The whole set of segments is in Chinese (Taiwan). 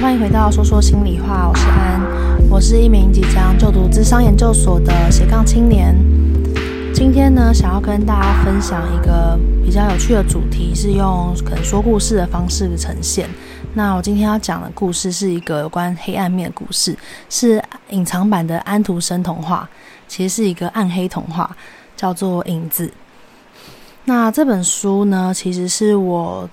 歡迎回到說說心裡話，我是安，我是一名即將就讀諮商研究所的斜槓青年。今天呢，想要跟大家分享一個比較有趣的主題，是用可能說故事的方式呈現。那我今天要講的故事是一個有關黑暗面的故事，是隱藏版的安徒生童話，其實是一個暗黑童話，叫做《影子》。那這本書呢，其實是我。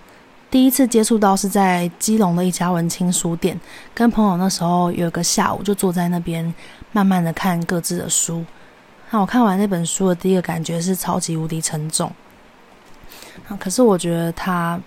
第一次接觸到是在基隆的一家文青書店，跟朋友那時候有個下午，就坐在那邊慢慢的看各自的書。那我看完那本書的第一個感覺是超級無敵沉重。可是我覺得它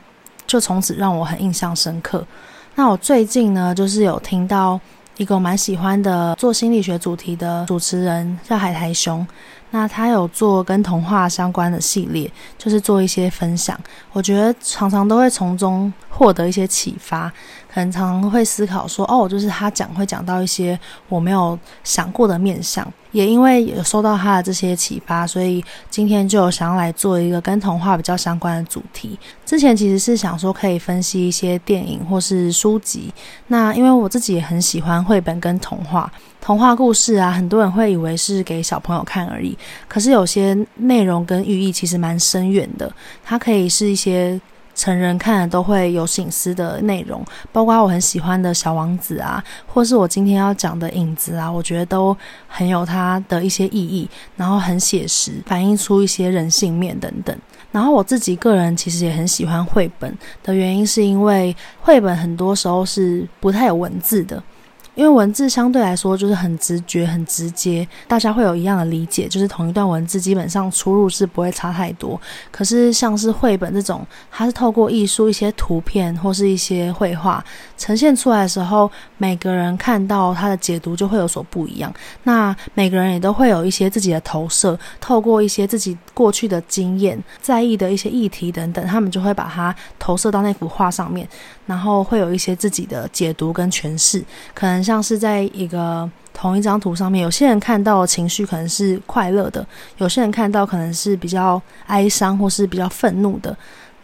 就從此讓我很印象深刻。那我最近呢，就是有聽到一個我蠻喜歡的做心理學主題的主持人，叫海苔熊。那他有做跟童話相關的系列，就是做一些分享。我覺得常常都會從中獲得一些啟發，很常會思考說，哦，就是他講會講到一些我沒有想過的面向。也因為有收到他的這些啟發，所以今天就有想要來做一個跟童話比較相關的主題。之前其實是想說可以分析一些電影或是書籍。那因為我自己也很喜歡繪本跟童話。童話故事啊，很多人會以為是給小朋友看而已，可是有些內容跟寓意其實蠻深遠的。它可以是一些成人看了都會有省思的內容，包括我很喜歡的小王子啊，或是我今天要講的影子啊，我覺得都很有它的一些意義，然後很寫實，反映出一些人性面等等。然後我自己個人其實也很喜歡繪本的原因，是因為繪本很多時候是不太有文字的。因為文字相對來說就是很直覺、很直接，大家會有一樣的理解，就是同一段文字基本上出入是不會差太多。可是像是繪本這種，它是透過藝術一些圖片或是一些繪畫呈現出來的時候，每個人看到它的解讀就會有所不一樣。那每個人也都會有一些自己的投射，透過一些自己過去的經驗、在意的一些議題等等，他們就會把它投射到那幅畫上面。然後會有一些自己的解讀跟詮釋，可能像是在一個同一張圖上面，有些人看到情緒可能是快樂的，有些人看到可能是比較哀傷或是比較憤怒的。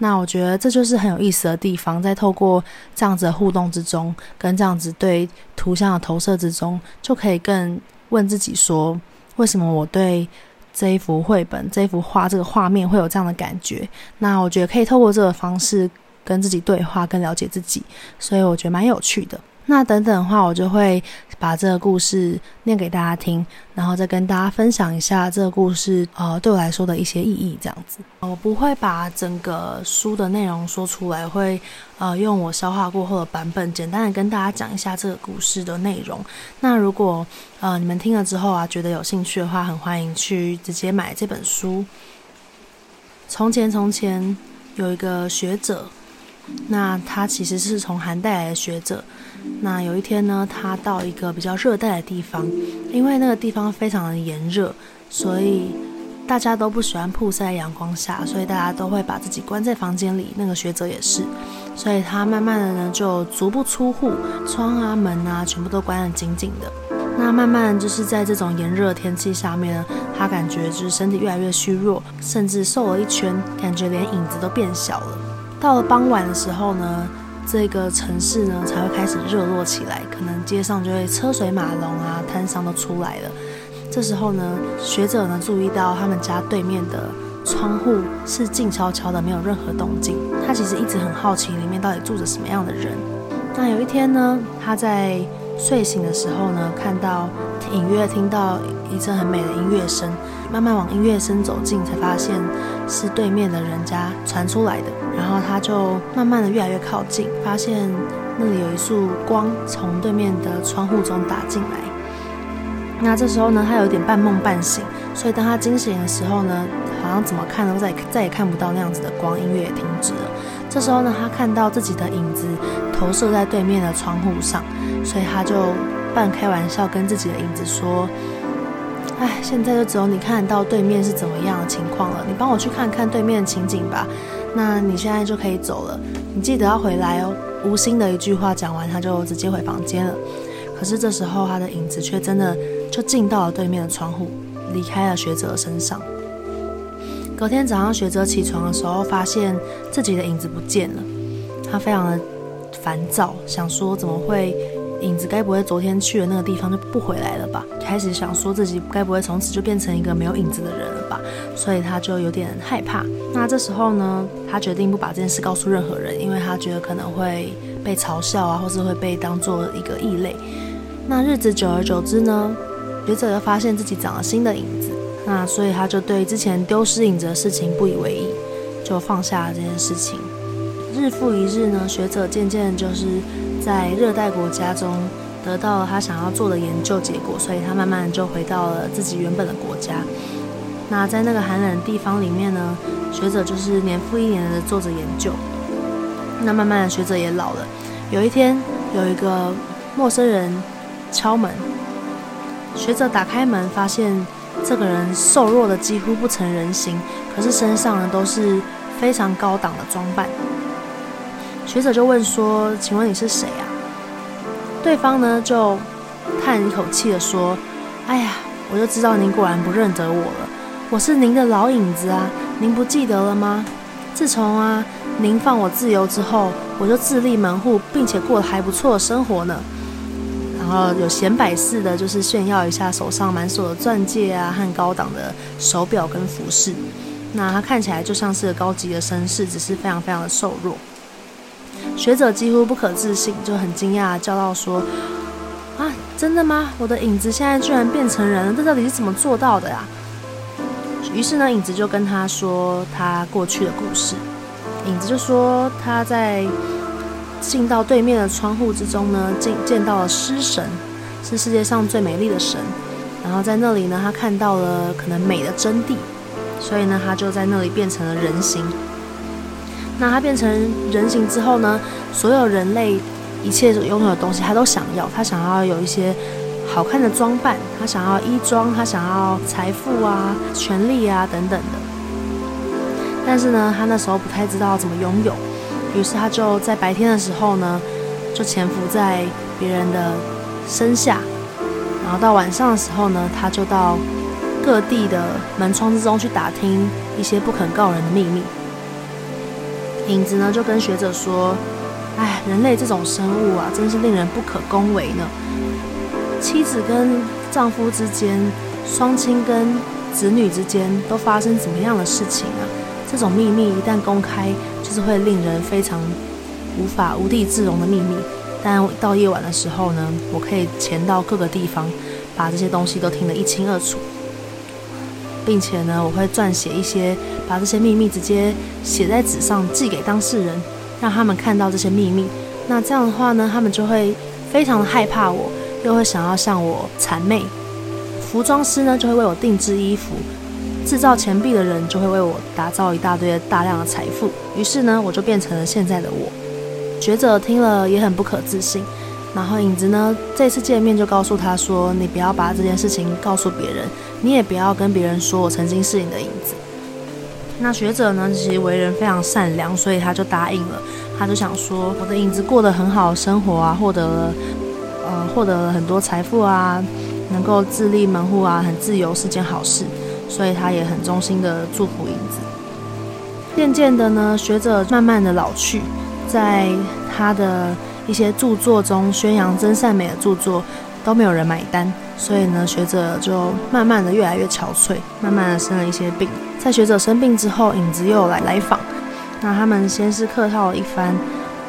那我覺得這就是很有意思的地方，在透過這樣子的互動之中，跟這樣子對圖像的投射之中，就可以更問自己說，為什麼我對這一幅繪本、這一幅畫、這個畫面會有這樣的感覺？那我覺得可以透過這個方式。跟自己對話，更了解自己，所以我覺得蠻有趣的。那等等的話，我就會把這個故事念給大家聽，然後再跟大家分享一下這個故事呃，對我來說的一些意義。這樣子，我不會把整個書的內容說出來，會呃用我消化過後的版本，簡單的跟大家講一下這個故事的內容。那如果呃你們聽了之後啊，覺得有興趣的話，很歡迎去直接買這本書。從前，從前有一個學者。那他其實是從寒帶來的學者。那有一天呢，他到一個比較熱帶的地方，因為那個地方非常的炎熱，所以大家都不喜歡曝曬在陽光下，所以大家都會把自己關在房間裡。那個學者也是，所以他慢慢的呢就足不出戶，窗啊門啊全部都關得緊緊的。那慢慢就是在這種炎熱的天氣下面呢，他感覺就是身體越來越虛弱，甚至瘦了一圈，感覺連影子都變小了。到了傍晚的時候呢，這個城市呢才會開始熱絡起來，可能街上就會車水馬龍啊，攤商都出來了。這時候呢，學者呢注意到他們家對面的窗戶是靜悄悄的，沒有任何動靜。他其實一直很好奇裡面到底住着什麼樣的人。那有一天呢，他在睡醒的時候呢，看到隱約聽、聽到一陣很美的音樂聲。慢慢往音樂聲走近，才發現是對面的人家傳出來的。然後他就慢慢的越來越靠近，發現那裡有一束光從對面的窗戶中打進來。那這時候呢，他有一點半夢半醒，所以當他驚醒的時候呢，好像怎麼看都再再，再也看不到那樣子的光，音樂也停止了。這時候呢，他看到自己的影子投射在對面的窗戶上，所以他就半開玩笑跟自己的影子說。哎，現在就只有你看到對面是怎麼樣的情況了。你幫我去看看對面的情景吧。那你現在就可以走了。你記得要回來哦。無心的一句話講完，他就直接回房間了。可是這時候，他的影子卻真的就進到了對面的窗戶，離開了學者的身上。隔天早上，學者起床的時候，發現自己的影子不見了。他非常的煩躁，想說怎麼會？影子該不會昨天去了那個地方就不回來了吧？開始想說自己該不會從此就變成一個沒有影子的人了吧？所以他就有點害怕。那這時候呢，他決定不把這件事告訴任何人，因為他覺得可能會被嘲笑啊，或是會被當做一個異類。那日子久而久之呢，學者又發現自己長了新的影子，那所以他就對之前丟失影子的事情不以為意，就放下了這件事情。日復一日呢，學者漸漸就是在熱帶國家中得到了他想要做的研究結果，所以他慢慢就回到了自己原本的國家。那在那個寒冷的地方裡面呢，學者就是年復一年的做着研究。那慢慢的，學者也老了。有一天，有一個陌生人敲門，學者打開門，發現這個人瘦弱得幾乎不成人形，可是身上呢都是非常高檔的裝扮。學者就問說：“請問你是誰啊？”對方呢就嘆一口氣的說：“哎呀，我就知道您果然不認得我了。我是您的老影子啊，您不記得了嗎？自從啊您放我自由之後，我就自立門戶，並且過得還不錯的生活呢。然後有顯擺似的就是炫耀一下手上滿手的鑽戒啊和高檔的手錶跟服飾。那他看起來就像是個高級的紳士，只是非常非常的瘦弱。”學者幾乎不可置信，就很驚訝地叫道：“說啊，真的嗎？我的影子現在居然變成人了，在這到底是怎麼做到的呀、啊？”於是呢，影子就跟他說他過去的故事。影子就說他在進到對面的窗戶之中呢，見見到了詩神，是世界上最美麗的神。然後在那裡呢，他看到了可能美的真諦，所以呢，他就在那裡變成了人形。那他變成人形之後呢？所有人類一切擁有的東西，他都想要。他想要有一些好看的裝扮，他想要衣裝，他想要財富啊、權力啊等等的。但是呢，他那時候不太知道怎麼擁有，於是他就在白天的時候呢，就潛伏在別人的身下，然後到晚上的時候呢，他就到各地的門窗之中去打聽一些不可告人的秘密。影子呢就跟學者說：“哎，人類這種生物啊，真是令人不可恭維呢。妻子跟丈夫之間，雙親跟子女之間，都發生怎麼樣的事情啊？這種秘密一旦公開，就是會令人非常無法無地自容的秘密。但到夜晚的時候呢，我可以潛到各個地方，把這些東西都聽得一清二楚。”並且呢，我會撰寫一些，把這些秘密直接寫在紙上，寄給當事人，讓他們看到這些秘密。那這樣的話呢，他們就會非常的害怕我，又會想要向我諂媚。服裝師呢，就會為我定制衣服；制造錢幣的人就會為我打造一大堆大量的財富。於是呢，我就變成了現在的我。學者聽了也很不可置信。然後影子呢，這次見面就告訴他說：“你不要把這件事情告訴別人，你也不要跟別人說我曾經是你的影子。”那學者呢，其實為人非常善良，所以他就答應了。他就想說：“我的影子過得很好，生活啊，獲得了，呃，獲得了很多財富啊，能夠自立門戶啊，很自由是件好事。”所以他也很衷心的祝福影子。漸漸的呢，學者慢慢的老去，在他的。一些著作中宣揚真善美的著作都沒有人買單，所以呢，學者就慢慢的越來越憔悴，慢慢的生了一些病。在學者生病之後，影子又來來訪，那他們先是客套了一番，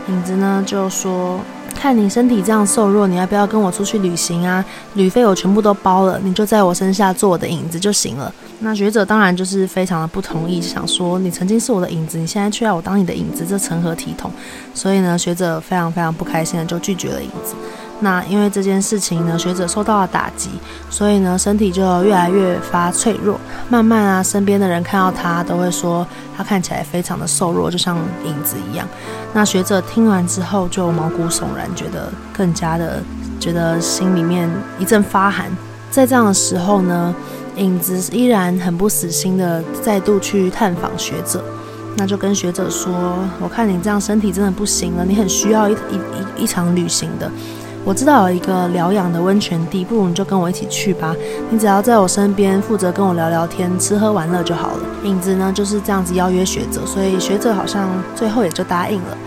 影子呢就說：看你身體這樣瘦弱，你要不要跟我出去旅行啊？旅費我全部都包了，你就在我身下做我的影子就行了。那學者當然就是非常的不同意，想說你曾經是我的影子，你現在卻要我當你的影子，這成何體統？所以呢，學者非常非常不開心的就拒絕了影子。那因為這件事情呢，學者受到了打擊，所以呢，身體就越來越發脆弱。慢慢啊，身邊的人看到他都會說他看起來非常的瘦弱，就像影子一樣。那學者聽完之後就毛骨悚然，覺得更加的覺得心裡面一陣發寒。在這樣的時候呢，影子依然很不死心的再度去探訪學者，那就跟學者說：“我看你這樣身體真的不行了，你很需要一一一一場旅行的。”我知道有一個療養的溫泉地，不如你就跟我一起去吧。你只要在我身邊，負責跟我聊聊天、吃喝玩樂就好了。影子呢，就是這樣子邀約學者，所以學者好像最後也就答應了。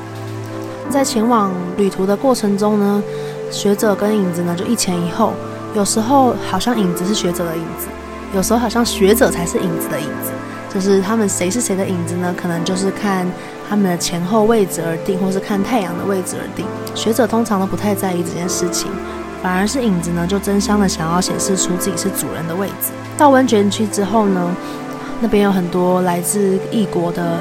在前往旅途的過程中呢，學者跟影子呢，就一前一後，有時候好像影子是學者的影子，有時候好像學者才是影子的影子。就是他們誰是誰的影子呢？可能就是看他們的前後位置而定，或是看太陽的位置而定。學者通常都不太在意這件事情，反而是影子呢，就爭相的想要顯示出自己是主人的位置。到溫泉區之後呢，那邊有很多來自異國的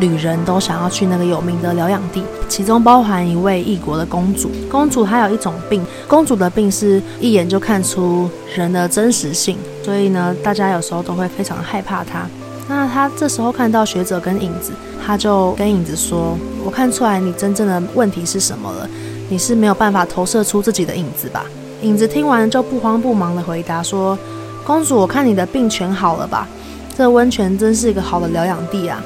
旅人都想要去那個有名的療養地，其中包含一位異國的公主。公主她有一種病，公主的病是一眼就看出人的真實性，所以呢，大家有時候都會非常害怕她。那他這時候看到學者跟影子，他就跟影子說：“我看出來你真正的問題是什麼了，你是沒有辦法投射出自己的影子吧？”影子聽完就不慌不忙地回答說：“公主，我看你的病全好了吧？這溫泉真是一個好的療養地啊。”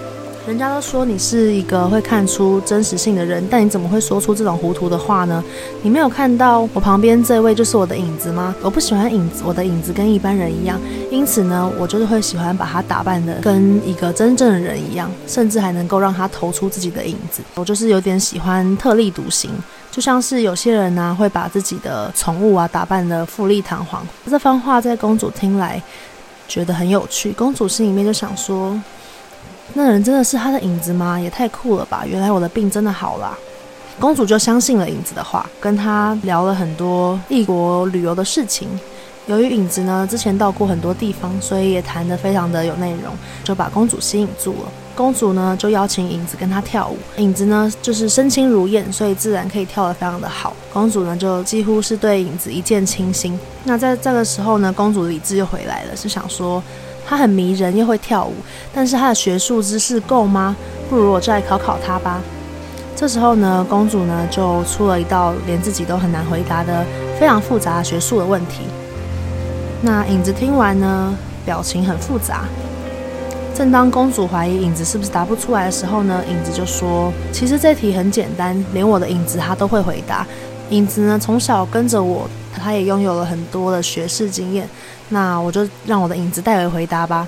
人家都說你是一個會看出真實性的人，但你怎麼會說出這種糊塗的話呢？你沒有看到我旁邊這位就是我的影子嗎？我不喜歡影子，我的影子跟一般人一樣，因此呢，我就是會喜歡把它打扮的跟一個真正的人一樣，甚至還能夠讓它投出自己的影子。我就是有點喜歡特立獨行，就像是有些人呢、啊、會把自己的寵物啊打扮的富麗堂皇。這番話在公主聽來覺得很有趣，公主心裡面就想說。那人真的是他的影子嗎？也太酷了吧！原來我的病真的好了。公主就相信了影子的話，跟他聊了很多異國旅遊的事情。由於影子呢之前到過很多地方，所以也談得非常的有內容，就把公主吸引住了。公主呢就邀請影子跟她跳舞，影子呢就是身輕如燕，所以自然可以跳得非常的好。公主呢就幾乎是對影子一見傾心。那在這個時候呢，公主理智又回來了，是想說。她很迷人，又會跳舞，但是她的學術知識夠嗎？不如我就來考考她吧。這時候呢，公主呢就出了一道連自己都很難回答的非常複雜的學術的問題。那影子聽完呢，表情很複雜。正當公主懷疑影子是不是答不出來的時候呢，影子就說：“其實這題很簡單，連我的影子他都會回答。影子呢從小跟着我，他也擁有了很多的學識經驗。”那我就讓我的影子代為回答吧。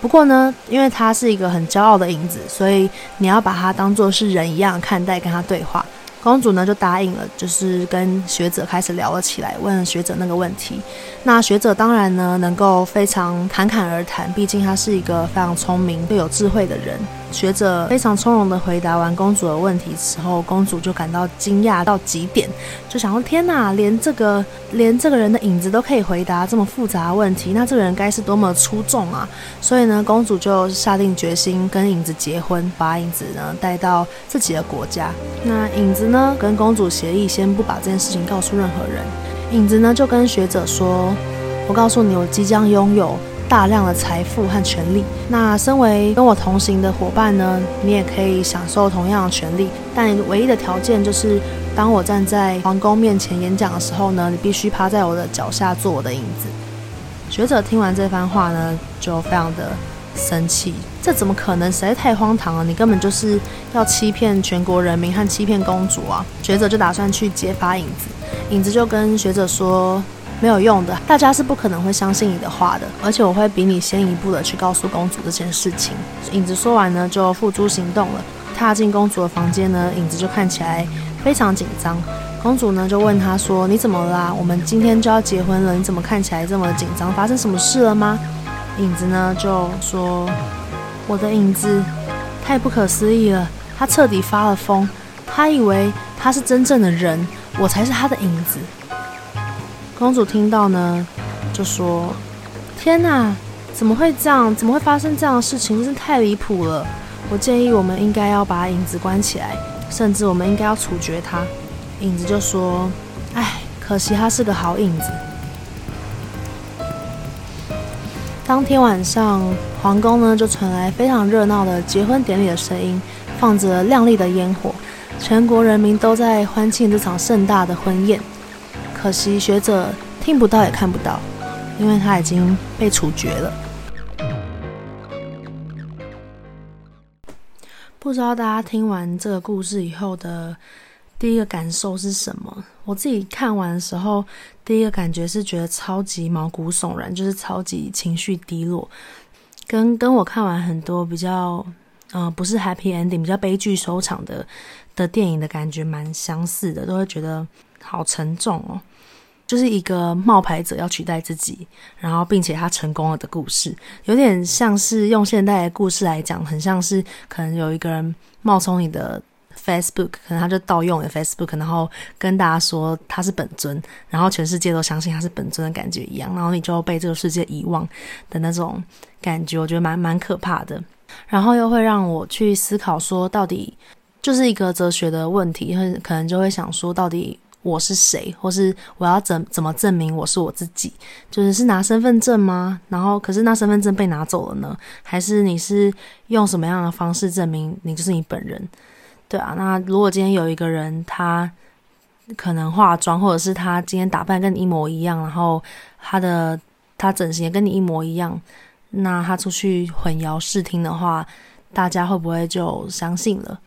不過呢，因為他是一個很驕傲的影子，所以你要把他當做是人一樣看待，跟他對話。公主呢就答應了，就是跟學者開始聊了起來，問學者那個問題。那學者當然呢能夠非常侃侃而談，畢竟他是一個非常聰明、又有智慧的人。學者非常從容地回答完公主的問題之後，公主就感到驚訝到極點，就想說：“天哪，連這個連這個人的影子都可以回答這麼複雜的問題，那這個人該是多麼出眾啊！”所以呢，公主就下定決心跟影子結婚，把影子呢帶到自己的國家。那影子呢跟公主協議，先不把這件事情告訴任何人。影子呢就跟學者說：“我告訴你，我即將擁有。”大量的財富和權力。那身為跟我同行的夥伴呢，你也可以享受同樣的權利，但唯一的條件就是，當我站在皇宮面前演講的時候呢，你必須趴在我的腳下做我的影子。學者聽完這番話呢，就非常的生氣，這怎麼可能？實在太荒唐了！你根本就是要欺騙全國人民和欺騙公主啊！學者就打算去揭發影子，影子就跟學者說沒有用的，大家是不可能會相信你的話的。而且我會比你先一步的去告訴公主這件事情。影子說完呢，就付諸行動了，踏進公主的房間呢。影子就看起來非常緊張。公主呢就問他說：“你怎麼啦？我們今天就要結婚了，你怎麼看起來這麼緊張？發生什麼事了嗎？”影子呢就說：“我的影子太不可思議了，他徹底發了瘋，他以為他是真正的人，我才是他的影子。”公主聽到呢，就說：“天哪，怎麼會這樣？怎麼會發生這樣的事情？真是太離譜了！我建議我們應該要把影子關起來，甚至我們應該要處決他。”影子就說：“唉，可惜他是個好影子。”當天晚上，皇宮呢就傳來非常熱鬧的結婚典禮的聲音，放着亮麗的煙火，全國人民都在歡慶這場盛大的婚宴。可惜學者聽不到也看不到，因為他已經被處決了。不知道大家聽完這個故事以後的第一個感受是什麼？我自己看完的時候，第一個感覺是覺得超級毛骨悚然，就是超級情緒低落，跟跟我看完很多比較，呃，不是 happy ending，比較悲劇收場的的電影的感覺蠻相似的，都會覺得好沉重哦。就是一個冒牌者要取代自己，然後並且他成功了的故事，有點像是用現代的故事來講，很像是可能有一個人冒充你的 Facebook，可能他就盜用你的 Facebook，然後跟大家說他是本尊，然後全世界都相信他是本尊的感覺一樣，然後你就被這個世界遺忘的那種感覺，我覺得蠻蠻可怕的。然後又會讓我去思考，說到底就是一個哲學的問題，很可能就會想說到底。我是誰，或是我要怎怎麼證明我是我自己？就是是拿身份證嗎？然後可是那身份證被拿走了呢？還是你是用什麼樣的方式證明你就是你本人？對啊，那如果今天有一個人，他可能化妝，或者是他今天打扮跟你一模一樣，然後他的他整形也跟你一模一樣，那他出去混淆視聽的話，大家會不會就相信了？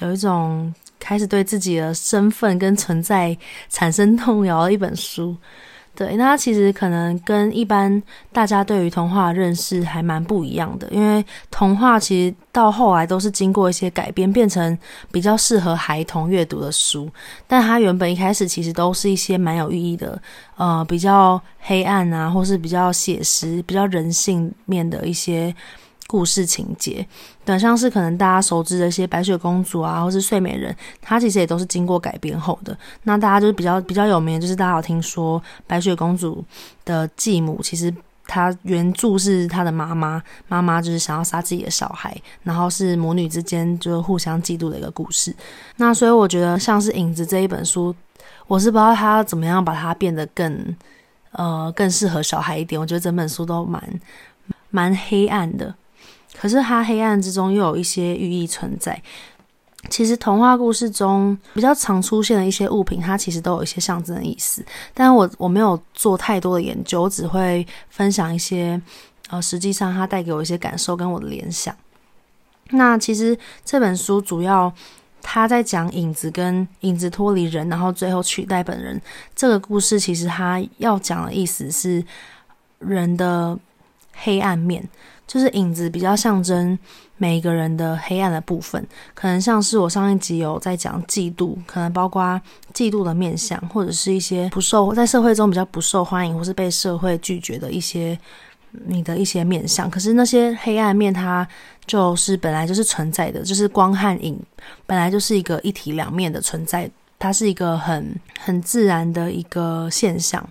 有一種。開始對自己的身份跟存在產生動搖的一本書，對，那它其實可能跟一般大家對於童話的認識還蠻不一樣的，因為童話其實到後來都是經過一些改編，變成比較適合孩童閱讀的書，但它原本一開始其實都是一些蠻有意義的，呃，比較黑暗啊，或是比較寫實、比較人性面的一些故事情節，等像是可能大家熟知的一些白雪公主啊，或是睡美人，她其實也都是經過改編後的。那大家就是比較比較有名的就是大家有聽說白雪公主的繼母，其實她原著是她的媽媽，媽媽就是想要殺自己的小孩，然後是母女之間就是互相嫉妒的一個故事。那所以我覺得像是《影子》這一本書，我是不知道他要怎麼樣把它變得更呃更適合小孩一點。我覺得整本書都蠻蠻黑暗的。可是它黑暗之中又有一些寓意存在。其實童話故事中比較常出現的一些物品，它其實都有一些象徵的意思。但我我沒有做太多的研究，我只會分享一些，呃，實際上它帶給我一些感受跟我的聯想。那其實這本書主要他在講影子跟影子脫離人，然後最後取代本人這個故事，其實他要講的意思是人的黑暗面。就是影子比較象徵每一個人的黑暗的部分，可能像是我上一集有在講嫉妒，可能包括嫉妒的面相，或者是一些不受在社會中比較不受歡迎，或是被社會拒絕的一些你的一些面相。可是那些黑暗面，它就是本來就是存在的，就是光和影本來就是一個一體兩面的存在，它是一個很很自然的一個現象，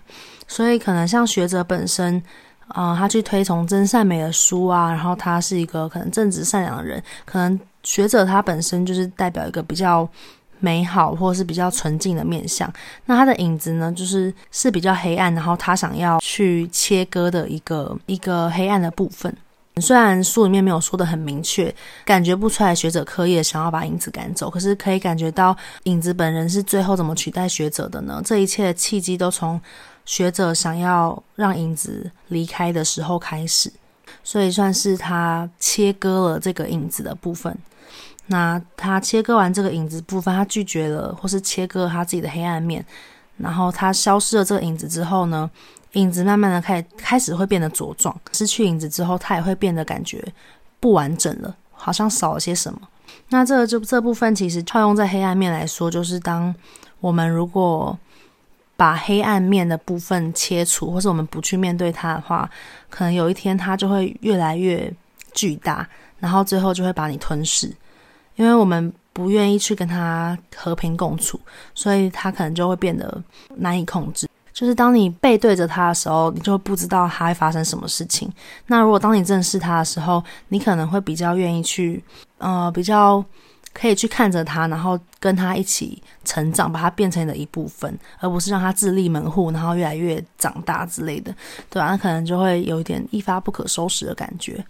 所以可能像學者本身。啊、呃，他去推崇真善美的書啊，然後他是一個可能正直善良的人，可能學者他本身就是代表一個比較美好或是比較純淨的面相。那他的影子呢，就是是比較黑暗，然後他想要去切割的一個一個黑暗的部分。雖然書裡面沒有說的很明確，感覺不出來學者刻意想要把影子趕走，可是可以感覺到影子本人是最後怎麼取代學者的呢？這一切的契機都從。學者想要讓影子離開的時候開始，所以算是他切割了這個影子的部分。那他切割完這個影子部分，他拒絕了，或是切割了他自己的黑暗面。然後他消失了這個影子之後呢，影子慢慢的開開始會變得茁壯。失去影子之後，他也會變得感覺不完整了，好像少了些什麼。那這個就這個部分其實套用在黑暗面來說，就是當我們如果，把黑暗面的部分切除，或是我們不去面對它的話，可能有一天它就會越來越巨大，然後最後就會把你吞噬。因為我們不願意去跟它和平共處，所以它可能就會變得難以控制。就是當你背對着它的時候，你就不知道它會發生什麼事情。那如果當你正視它的時候，你可能會比較願意去，呃，比較。可以去看着他，然後跟他一起成長，把他變成你的一部分，而不是讓他自立門戶，然後越來越長大之類的，對吧、啊？他可能就會有一點一發不可收拾的感覺。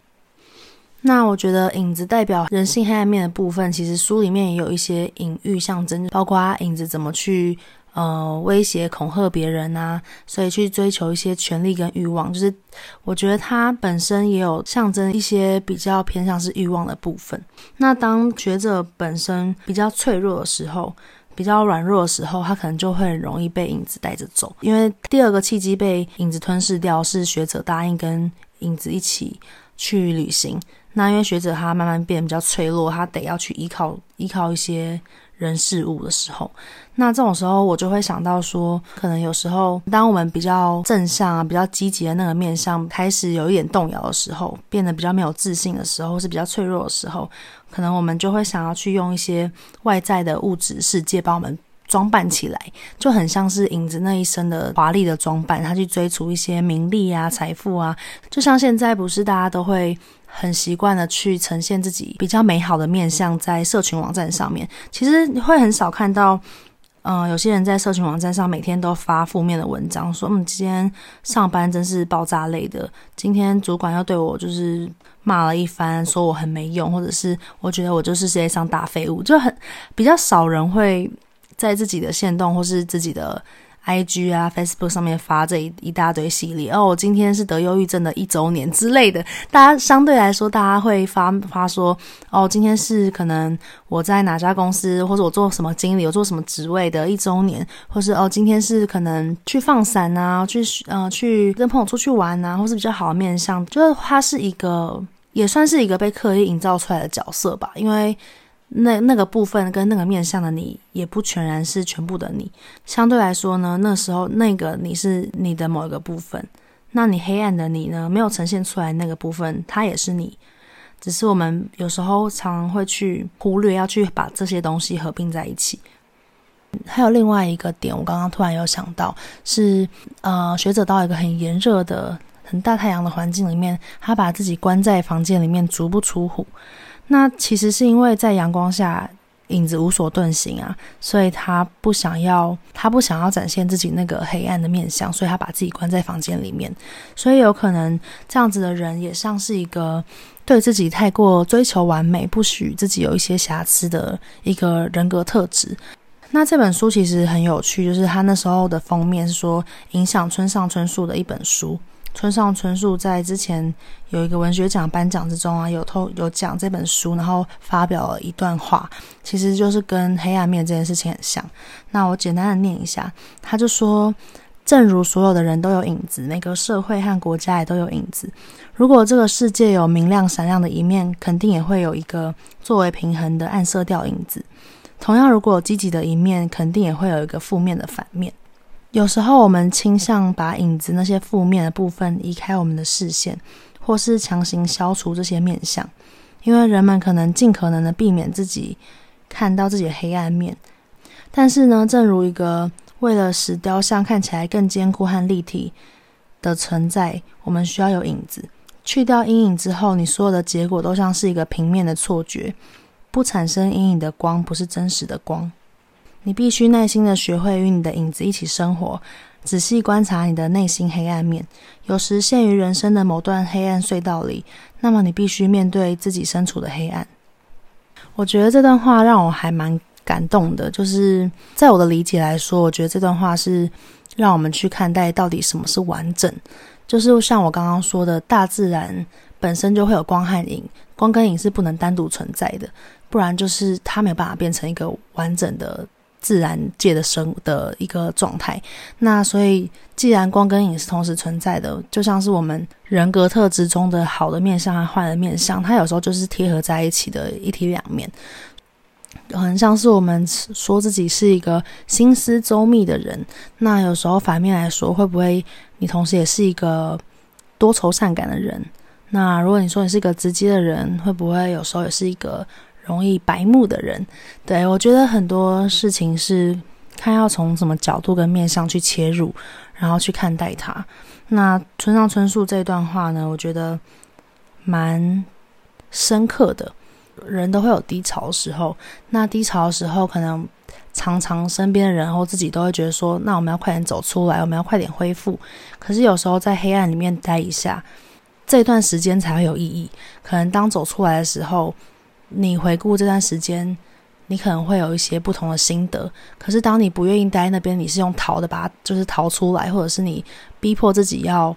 那我覺得影子代表人性黑暗面的部分，其實書裡面也有一些隱喻象徵，包括影子怎麼去。呃，威脅、恐嚇別人啊，所以去追求一些權力跟慾望，就是我覺得他本身也有象徵一些比較偏向是慾望的部分。那當學者本身比較脆弱的時候，比較軟弱的時候，他可能就會很容易被影子帶着走。因為第二個契機被影子吞噬掉，是學者答應跟影子一起去旅行。那因為學者他慢慢變得比較脆弱，他得要去依靠，依靠一些人事物的時候。那這種時候，我就會想到說，可能有時候，當我們比較正向啊、比較積極的那個面向開始有一點動搖的時候，變得比較沒有自信的時候，或是比較脆弱的時候，可能我們就會想要去用一些外在的物質世界幫我們裝扮起來，就很像是影子那一身的華麗的裝扮，他去追逐一些名利啊、財富啊。就像現在，不是大家都會很習慣的去呈現自己比較美好的面向在社群網站上面，其實你會很少看到。嗯，有些人在社群網站上每天都發負面的文章說，說嗯今天上班真是爆炸累的，今天主管又對我就是罵了一番，說我很沒用，或者是我覺得我就是世界上大廢物，就很比較少人會在自己的限動或是自己的。iG 啊，Facebook 上面發這一一大堆系列，哦，我今天是得憂鬱症的一周年之類的，大家相對來說，大家會發發說，哦、oh,，今天是可能我在哪家公司，或者我做什麼經理，我做什麼職位的一周年，或是哦，oh, 今天是可能去放散啊，去呃去跟朋友出去玩啊，或是比較好的面向，就是它是一個也算是一個被刻意營造出來的角色吧，因為。那那個部分跟那個面向的你，也不全然是全部的你。相對來說呢，那時候那個你是你的某一個部分，那你黑暗的你呢，沒有呈現出來那個部分，它也是你。只是我們有時候常會去忽略，要去把這些東西合併在一起。還有另外一個點，我剛剛突然有想到，是，呃，學者到一個很炎熱的、很大太陽的環境裡面，他把自己關在房間裡面足不出戶，足不出戶。那其實是因為在陽光下，影子無所遁形啊，所以他不想要，他不想要展現自己那個黑暗的面向，所以他把自己關在房間裡面。所以有可能這樣子的人也像是一個對自己太過追求完美，不許自己有一些瑕疵的一個人格特質。那這本書其實很有趣，就是他那時候的封面是說影響村上春樹的一本書。村上春樹在之前有一個文學獎頒獎之中啊，有透，有講這本書，然後發表了一段話，其實就是跟黑暗面這件事情很像。那我簡單的念一下，他就說，正如所有的人都有影子，每個社會和國家也都有影子。如果這個世界有明亮閃亮的一面，肯定也會有一個作為平衡的暗色調影子。同樣，如果有積極的一面，肯定也會有一個負面的反面。有時候我們傾向把影子那些負面的部分移開我們的視線，或是強行消除這些面向，因為人們可能盡可能的避免自己看到自己的黑暗面。但是呢，正如一個為了使雕像看起來更堅固和立體的存在，我們需要有影子。去掉陰影之後，你所有的結果都像是一個平面的錯覺。不產生陰影的光不是真實的光。你必須耐心的學會與你的影子一起生活，仔細觀察你的內心黑暗面。有時陷於人生的某段黑暗隧道裡，那麼你必須面對自己身處的黑暗。我覺得這段話讓我還蠻感動的，就是在我的理解來說，我覺得這段話是讓我們去看待到底什麼是完整。就是像我剛剛說的，大自然本身就會有光和影，光跟影是不能單獨存在的，不然就是它沒有辦法變成一個完整的。自然界的生的一個狀態，那所以既然光跟影是同時存在的，就像是我們人格特質中的好的面向和壞的面向，它有時候就是貼合在一起的一體兩面。很像是我們說自己是一個心思周密的人，那有時候反面來說，會不會你同時也是一個多愁善感的人？那如果你說你是一個直接的人，會不會有時候也是一個？容易白目的人，對，我覺得很多事情是看要從什麼角度跟面向去切入，然後去看待它。那村上春樹這段話呢，我覺得蠻深刻的。人都會有低潮的時候，那低潮的時候可能常常身邊的人或自己都會覺得說，那我們要快點走出來，我們要快點恢復。可是有時候在黑暗裡面待一下，這段時間才會有意義。可能當走出來的時候，你回顧這段時間，你可能會有一些不同的心得。可是，當你不願意待那邊，你是用逃的，把它就是逃出來，或者是你逼迫自己要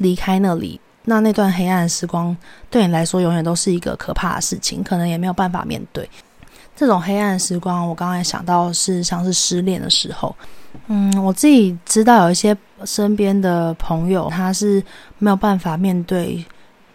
離開那裡。那那段黑暗的時光，對你來說永遠都是一個可怕的事情，可能也沒有辦法面對這種黑暗的時光。我剛才想到是像是失戀的時候，嗯，我自己知道有一些身邊的朋友，他是沒有辦法面對。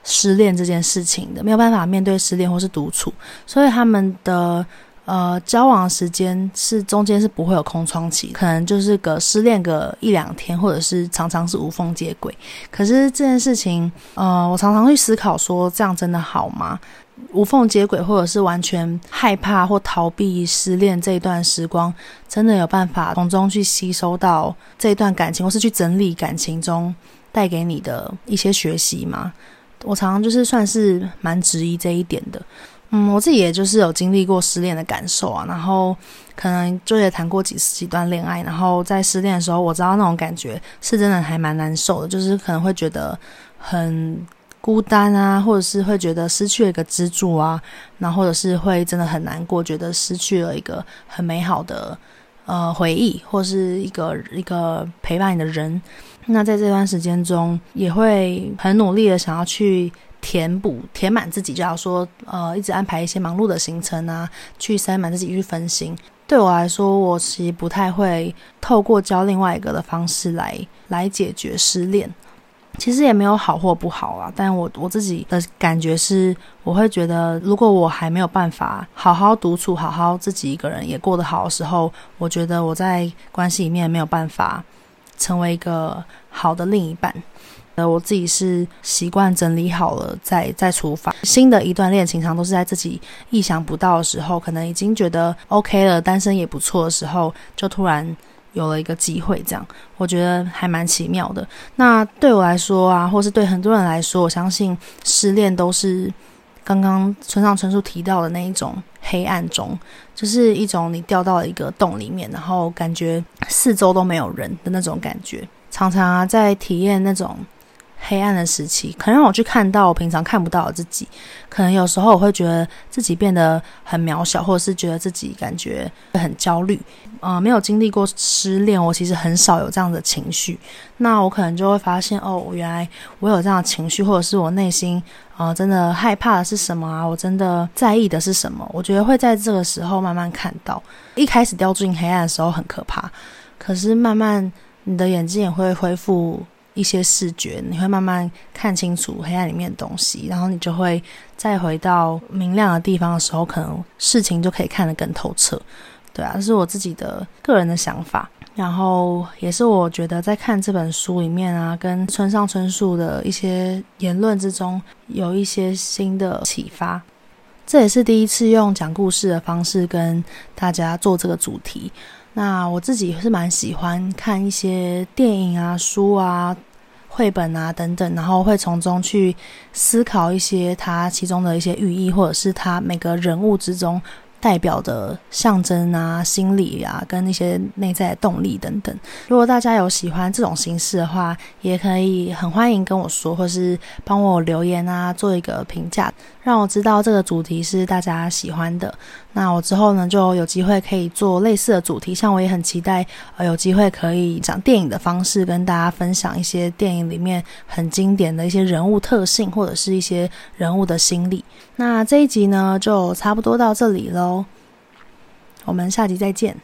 失戀這件事情的，沒有辦法面對失戀或是獨處，所以他們的呃交往的時間是中間是不會有空窗期，可能就是隔失戀個一兩天，或者是常常是無縫接軌。可是這件事情，呃，我常常去思考說，這樣真的好嗎？無縫接軌，或者是完全害怕或逃避失戀這一段時光，真的有辦法從中去吸收到這一段感情，或是去整理感情中帶給你的一些學習嗎？我常常就是算是蠻質疑這一點的，嗯，我自己也就是有經歷過失戀的感受啊，然後可能就也談過幾十幾段戀愛，然後在失戀的時候，我知道那種感覺是真的還蠻難受的，就是可能會覺得很孤單啊，或者是會覺得失去了一個支柱啊，然後或者是會真的很難過，覺得失去了一個很美好的呃回憶，或是一個一個陪伴你的人。那在這段時間中，也會很努力的想要去填補、填滿自己，就要說，呃，一直安排一些忙碌的行程啊，去塞滿自己，去分心。對我來說，我其實不太會透過交另外一個的方式來來解決失戀。其實也沒有好或不好啊，但我我自己的感覺是，我會覺得，如果我還沒有辦法好好獨處，好好自己一個人也過得好的時候，我覺得我在關係裡面也沒有辦法。成為一個好的另一半，呃，我自己是習慣整理好了再再出發，新的一段戀情，常都是在自己意想不到的時候，可能已經覺得 OK 了，單身也不錯的時候，就突然有了一個機會，這樣，我覺得還蠻奇妙的。那對我來說啊，或是對很多人來說，我相信失戀都是剛剛村上春樹提到的那一種黑暗中，就是一種你掉到了一個洞裡面，然後感覺，四周都沒有人的那種感覺，常常啊，在體驗那種黑暗的時期，可能讓我去看到我平常看不到的自己。可能有時候我會覺得自己變得很渺小，或者是覺得自己感覺很焦慮。呃，沒有經歷過失戀，我其實很少有這樣的情緒。那我可能就會發現，哦，原來我有這樣的情緒，或者是我內心啊，呃，真的害怕的是什麼啊？我真的在意的是什麼？我覺得會在這個時候慢慢看到，一開始掉進黑暗的時候很可怕。可是慢慢，你的眼睛也會恢復一些視覺，你會慢慢看清楚黑暗裡面的東西，然後你就會再回到明亮的地方的時候，可能事情就可以看得更透徹，對啊，這是我自己的個人的想法，然後也是我覺得在看這本書裡面啊，跟村上春樹的一些言論之中，有一些新的啟發。這也是第一次用講故事的方式跟大家做這個主題。那我自己是蠻喜歡看一些電影啊、書啊、繪本啊等等，然後會從中去思考一些它其中的一些寓意，或者是它每個人物之中代表的象徵啊、心理啊，跟那些內在的動力等等。如果大家有喜歡這種形式的話，也可以很歡迎跟我說，或是幫我留言啊，做一個評價，讓我知道這個主題是大家喜歡的。那我之後呢，就有機會可以做類似的主題，像我也很期待，呃，有機會可以講電影的方式跟大家分享一些電影裡面很經典的一些人物特性，或者是一些人物的心理。那這一集呢，就差不多到這裡嘍。我們下集再見。